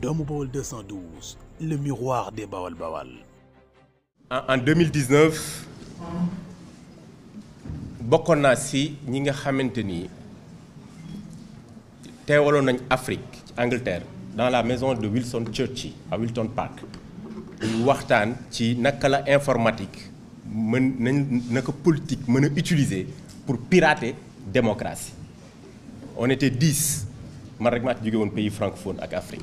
doomu 212 le miroir des Bawal Bawal. en 2019 nous avons été ñi nga Afrique en Angleterre dans la maison de Wilson Churchill à Wilton Park Nous avons ci naka la informatique politique utiliser pour pirater la démocratie on était dix man rek maa pays francophone avec l'Afrique.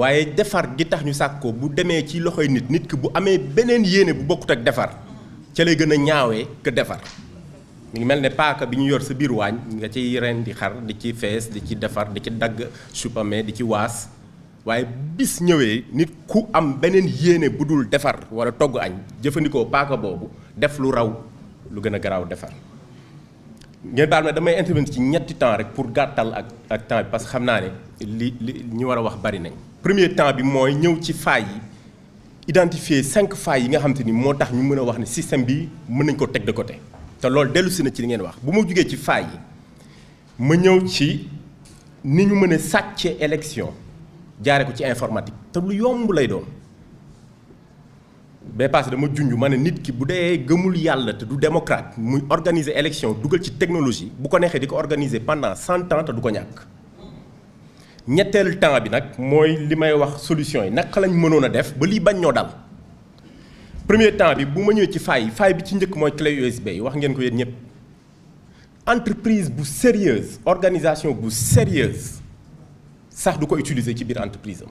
waaye defar gi tax ñu sàkk ko bu demee ci loxoy nit nit ki bu amee beneen yéene bu bokkut ak defar ci lay gën a ñaawee que defar mi ngi mel ne paaka bi ñu yor sa biir waañ nga ciy ren di xar di ci fees di ci defar di ci dagg supame di ci waas waaye bis ñëwee nit ku am beneen yéene bu dul defar wala togg añ jëfandikoo paaka boobu def lu raw lu gën a garaaw defar ngeen baal ma damay intervenir ci ñetti temps rek pour gàttal ak ak temps parce que xam naa ne li li ñu war a wax bari nañ premier temps bi mooy ñëw ci faay yi identifier cinq faay yi nga xam te ni moo tax ñu mën a wax ne système bi mën nañ ko teg de côté te loolu dellu si na ci li ngeen wax bu ma jugee ci faay yi ma ñëw ci ni ñu mën a sàcce élection jaare ko ci informatique te lu yomb lay doon bay passé dama junj mané nit ki bu dee gëmul yalla té du démocrate muy organiser élection dugal ci technologie bu ko nexé diko organiser pendant cent ans té du ko ñak ñettel temps bi nak moy limay wax solution yi naka lañ mënon def ba li bañ ñoo dal premier temps bi bu ma ñëw ci fay fay bi ci ñëk moy clé USB wax ngeen ko yéen ñëpp entreprise bu sérieuse organisation bu sérieuse sax du ko utiliser ci biir entreprise am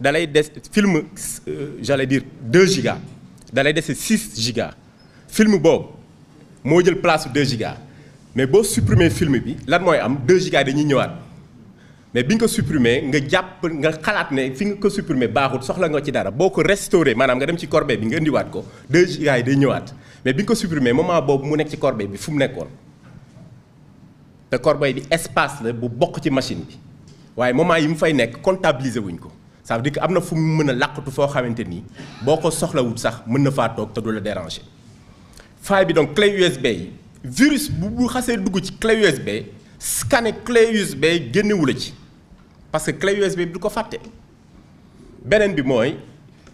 dalay des film euh, j'allais dire 2 giga dalay dese 6 giga film bob mo jël place 2 giga mais bo supprimer film bi lan moy am 2 giga dañuy ñëwaat mais biñ ko supprimer nga japp nga xalaat ne fi nga ko supprimer baaxul soxla nga ci dara boko restaurer manam nga dem ci corbeille bi nga indi waat ko 2 giga yi day ñëwaat mais biñ ko supprimer moment bob mu nekk ci corbeille bi fu mu nekkoon te corbeille bi espace la bu bok ci machine bi waaye moment yi mu fay nekk comptabiliser wuñ ko ça veut dire que am na fu mu mën a làqatu foo xamante ni boko ko soxlawul sax mën fa tok te dula la déranger faille bi donc clé USB virus bu bu xasee dugg ci clé USB scanner clé USB génnewu wul ci parce que clé USB bi du ko fàtte beneen bi moy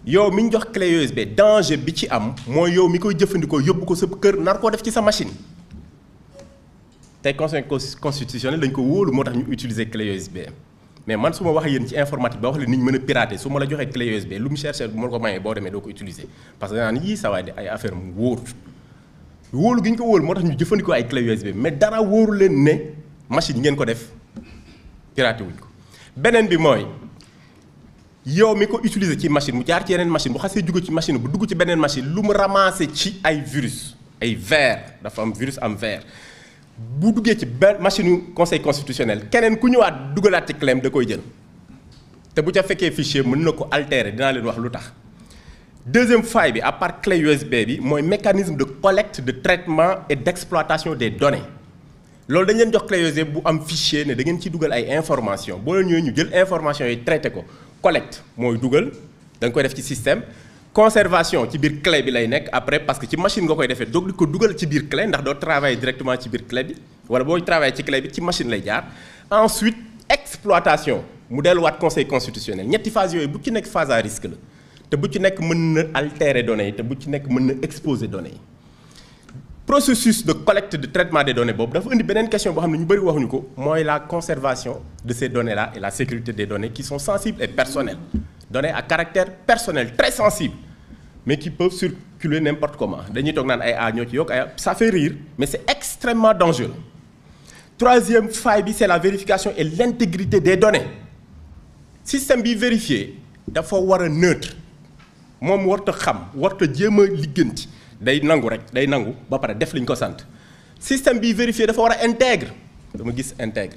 yow miñ jox clé USB danger bi ci am moy yow mi koy jëfëndiko yóbbu ko sa kër nar ko def ci sa machine tay conseil constitutionnel dañ ko wolu motax ñu utiliser clé USB mais man su ma wax yéen ci informatique ba wax la nit meuna pirater su la joxe clé USB lu mu cherché bu ma ko mayee boo demee doo ko utiliser parce que nan yi sa sawaay de ay affaire mu wóoru wóolu gi ko wóolu motax ñu jëfëndiko ay clé USB mais dara wóoru leen ne machine yi ngeen ko def pirater wuñ ko benen bi moy yow mi ko utiliser ci machine mu jaar ci yeneen machine bu xasse juggu ci machine bu dugg ci benen machine lu mu ramasser ci ay virus ay vers dafa am virus am vers bu duggee ci machine du conseil constitutionnel keneen ku ñëwaat dugalaat ci clem da koy jël te bu ca fekkee fichier vous pouvez ko altérer dinaa le wax lu deuxième faille à part clé USB bi mooy mécanisme de collecte de traitement et d'exploitation des données Lors dañ leen jox clé USB bu am fichier ne da ngeen ci dugal ay information Si leen ñëwee ñu jël information yi traité ko collecte mooy dugal da nga koy def système conservation ci bir clé bi lay après parce que ci machine nga koy défé Donc di ko dugal ci bir clé ndax do travailler directement ci la clé bi wala boy travailler ci clé bi ci machine lay ensuite exploitation modèle de conseil constitutionnel ñetti phase yoy bu ci une phase à risque la te bu ci nek mën na altérer données yi te bu ci nek exposer données processus de collecte de traitement des données c'est dafa indi benen question que nous ne ñu pas waxuñu ko la conservation de ces données là et la sécurité des données qui sont sensibles et personnelles données à caractère personnel très sensibles, mais qui peuvent circuler n'importe comment a ça fait rire mais c'est extrêmement dangereux troisième faille c'est la vérification et l'intégrité des données système bi vérifié dafa war a neutre moom warta xam warta jéem a ligganti day nangu rek day nangu ba pare def liñ ko sante. système bi vérifié dafa wara intègre dama gis intègre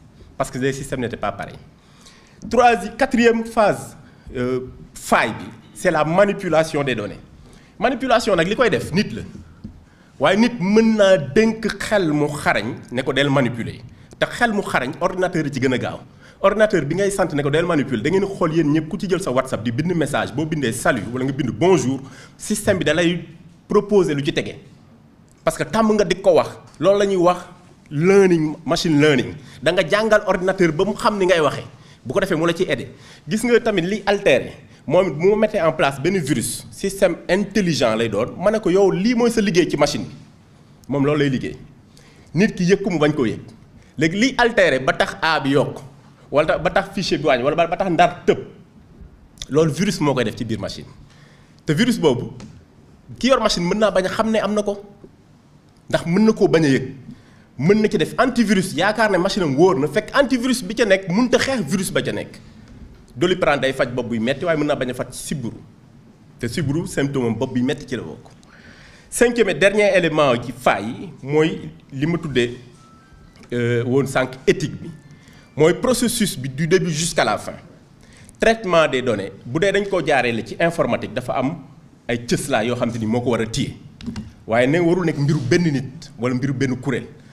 parce que les systèmes n'étaient pas pareils. Troisième, quatrième phase euh, c'est la manipulation des données manipulation def nit la Waye nit xel mu xarañ manipuler ordinateur ordinateur bi ngay manipuler da sa WhatsApp di message salut wala bonjour système bi da lay proposer lu parce que nga ko wax learning machine learning da nga jàngal ordinateur ba mu xam ni ngay waxee bu ko defee mu la ci aidé gis nga tamit li altéré moom mu mettre en place benn virus système intelligent lay doon ma ne ko yow lii mooy sa liggéey ci machine bi moom loolu lay liggéey nit ki yëg ko mu bañ koo yëg léegi liy altere ba tax A bi yokk wala ba tax fichier bi wàññi wala ba tax ndar tëb loolu virus moo koy def ci biir machine te virus boobu ki yor machine mën naa bañ a xam ne am na ko ndax mën na koo bañ a yëg. mën na ci def antivirus yaakaar ne machine am wóor na fekk antivirus bi ca nekk mënut a xeex virus ba ca nekk doliprane day faj bopp buy metti waaye mën naa bañ a faj sibbiru te sibbiru symptôme am bopp bi metti ci la bokk. cinquième et dernier élément ci faay mooy li ma tuddee euh, woon sànq éthique bi mooy processus bi du début jusqu'à la fin traitement des données bu dee dañ koo jaaree la ci informatique dafa am ay cëslaa yoo xam te ni moo ko war a téye waaye ne warul nekk mbiru benn nit wala mbiru benn kuréel.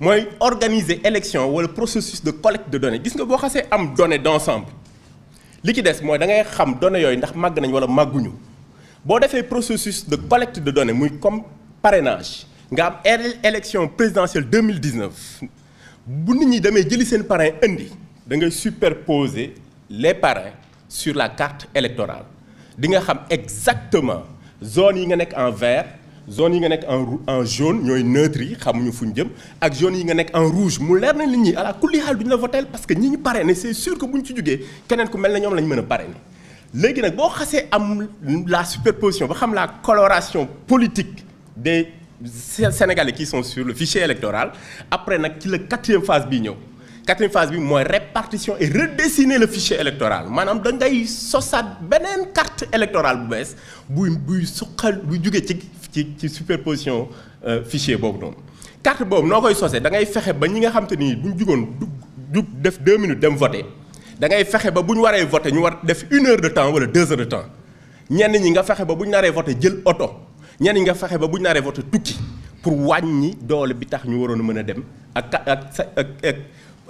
moy organiser élection le processus de collecte de données gis nga vous xasse am données d'ensemble li ci dess moy da ngay xam données yoy ndax mag nañ wala maguñu bo le processus de collecte de données muy comme parrainage nga am élection présidentielle 2019 bu nit ñi jëli parrain indi da superposer les parrains sur la carte électorale di nga xam exactement zone yi nga en vert zone yi nga nek en en jaune ñoy neutre yi xamuñu fuñ jëm ak jaune yi nga nek en rouge mu leer na nit ñi ala kulli hal duñ la voter parce que ñi ñu parrainé c'est sûr que buñ ci juggé keneen ku melni ñom lañ mëna a parrainé légui nak bo xasee am la superposition ba xam la coloration politique des Sénégalais qui sont sur le fichier électoral après nak ci la quatrième phase ñew 4 quatrième phase bi moy répartition et redessiner le fichier électoral maanaam da ngay sosaat benen carte électorale bu bees bu bu suqal bu jugee ci ci ci superposition euh, fichier boobu noonu. carte boobu noo koy sosee da ngay fexe ba ñi nga xam te ni buñ ñu jugoon du def deux minutes dem voter da ngay fexe ba buñ ñu waree voter ñu war def une heure de temps wala deux heures de temps ñenn ñi nga fexe ba buñ ñu naree voter jël oto ñenn ñi nga fexe ba buñ ñu naree voter tukki pour wàññi doole bi tax ñu waroon a mën a dem ak ak ak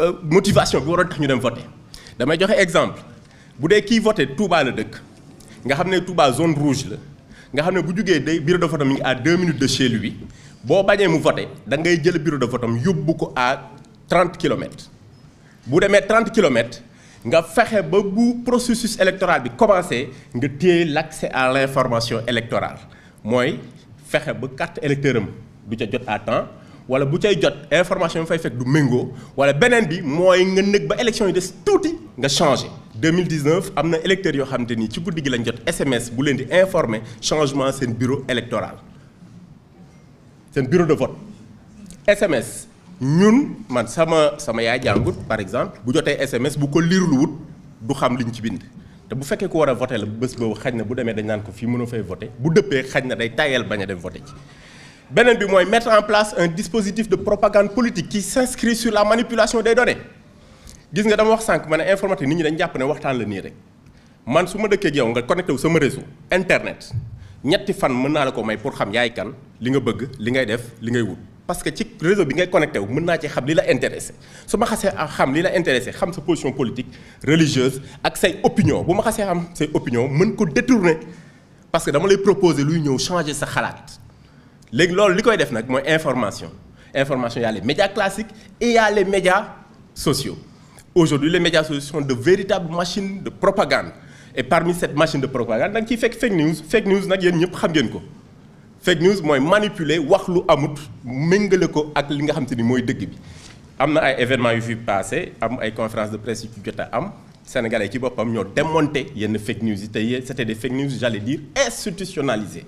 euh, motivation bi waroon tax ñu dem voter damay joxe exemple bu dee kii voter Touba la dëkk nga xam ne Touba zone rouge la nga xamné bu joggé day bureau de vote mi à 2 minutes de chez lui bo bañé mu voter da ngay jël bureau de vote yóbbu ko à 30 km bu démé 30 km, nga fexé ba bu processus électoral bi commencé nga téye l'accès à l'information électorale moy fexé ba carte électeur du ca jot à temps wala bu cay jot information fay fek du mengo wala benen des changer. 2019 vous électeurs SMS bu len di informer changement un bureau électoral un bureau de vote SMS ñun man sama sama yaay par exemple bu SMS bu ko wut du xam liñ ci bind bu ko a la vous avez bu dañ nan ko fay day Benen bi moy mettre en place un dispositif de propagande politique qui s'inscrit sur la manipulation des données gis nga dama wax sank ma ne informatique nit ñi dañ japp ne waxtaan la ni rek man suma ma ak yow nga connecté wu sama réseau internet ñetti fan mën na la ko may pour xam yaay kan li nga bëgg li ngay def li ngay wut parce que ci réseau bi ngay connecté wu mën na ci xam li la intéressé Suma xasse xasee xam li la intéressé xam sa position politique religieuse ak say opinion bu ma xasse xam say opinion mën ko détourner parce que dama lay proposer luy ñëw changer sa xalaat ce loolu li def l'information. information y a les médias classiques et il y a les médias sociaux aujourd'hui les médias sociaux sont de véritables machines de propagande et parmi cette machine de propagande qui fait ciy fake news fake news nag yéen ñëpp xam fake news mooy manipuler wax lu amut les ko ak li nga xam te ni mooy dëgg bi ay événements yu fi passé am ay conférence de presse qui ci eu a am sénégalais ci boppam ñoo démonter fake news c'était des fake news j'allais dire institutionnalisées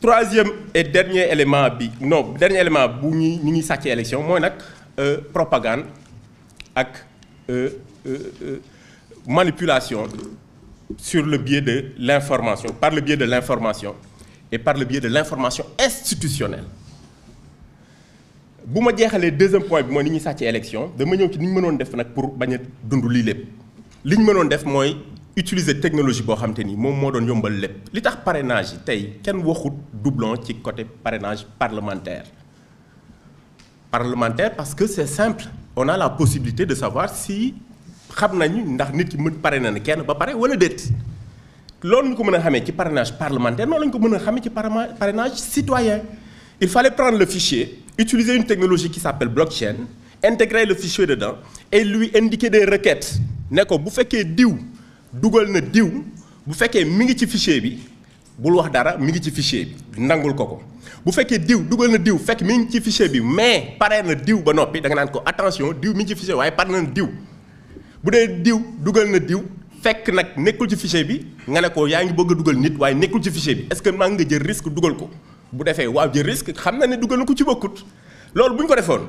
troisième et dernier élément bi non dernier élément bu ñuy ñu ñuy sàcc élection nak euh propagande ak euh, euh, euh, manipulation sur le biais de l'information par le biais de l'information et par le biais de l'information institutionnelle buma ma jeexalee deuxième point bi moy ni ñuy sàcc élection dama ñew ci ni mënon def nak pour bañ a li lepp liñ mënon def moy utiliser la technologie pour xam te ni moom moo doon yombal li tax parrainage tay ken a waxut doublon ci côté parrainage parlementaire parlementaire parce que c'est simple on a la possibilité de savoir si xamnañu ndax nit ki mën na ba paré wala det loolu ko mëna a ci parrainage parlementaire non lañ ko a ci parrainage citoyen il fallait prendre le fichier utiliser une technologie qui s'appelle blockchain intégrer le fichier dedans et lui indiquer des requêtes ne ko bu fekkee diw dugal na diw bu fekkee mi ngi ci fichier bi bul wax dara mi ngi ci fichier bi nangul ko ko bu fekkee diw dugal na diw fekk mi ngi ci fichier bi mais pare na diw ba noppi da nga naan ko attention diw mi ngi ci fichier waaye pare na diw bu dee diw dugal na diw fekk nag nekkul ci fichier bi nga ne ko yaa ngi bëgg a dugal nit waaye nekkul ci fichier bi est-ce que maa nga jël risque dugal ko bu defee waaw jël risque xam na ne dugal na ko ci bokkut loolu bu ñu ko defoon